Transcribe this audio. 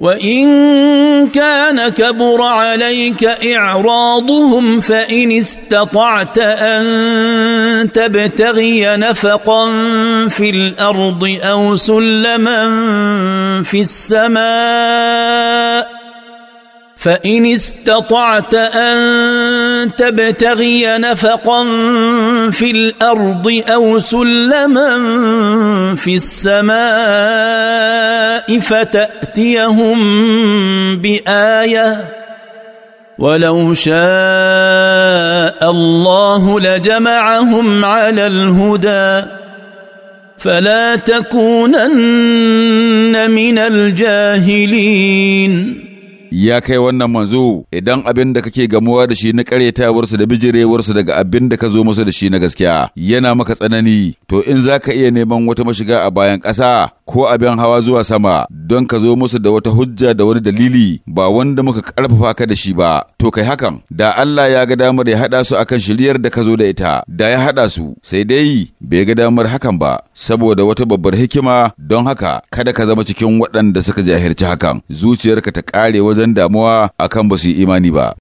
وان كان كبر عليك اعراضهم فان استطعت ان تبتغي نفقا في الارض او سلما في السماء فان استطعت ان تبتغي نفقا في الارض او سلما في السماء فتاتيهم بايه ولو شاء الله لجمعهم على الهدى فلا تكونن من الجاهلين ya kai wannan manzo idan abin da kake gamuwa da shi na karyatawarsu da bijirewarsu daga abin da ka zo masa da shi na gaskiya yana maka tsanani to in za ka iya neman wata mashiga a bayan ƙasa ko abin hawa zuwa sama don ka zo musu da wata hujja da wani dalili ba wanda muka karfafa ka da shi ba to kai hakan da Allah ya ga damar ya hada su akan shiryar da ka zo da ita da ya hada su sai dai bai ga damar hakan ba saboda wata babbar hikima don haka kada ka zama cikin waɗanda suka jahirci hakan zuciyarka ta kare wajen damuwa akan ba su imani ba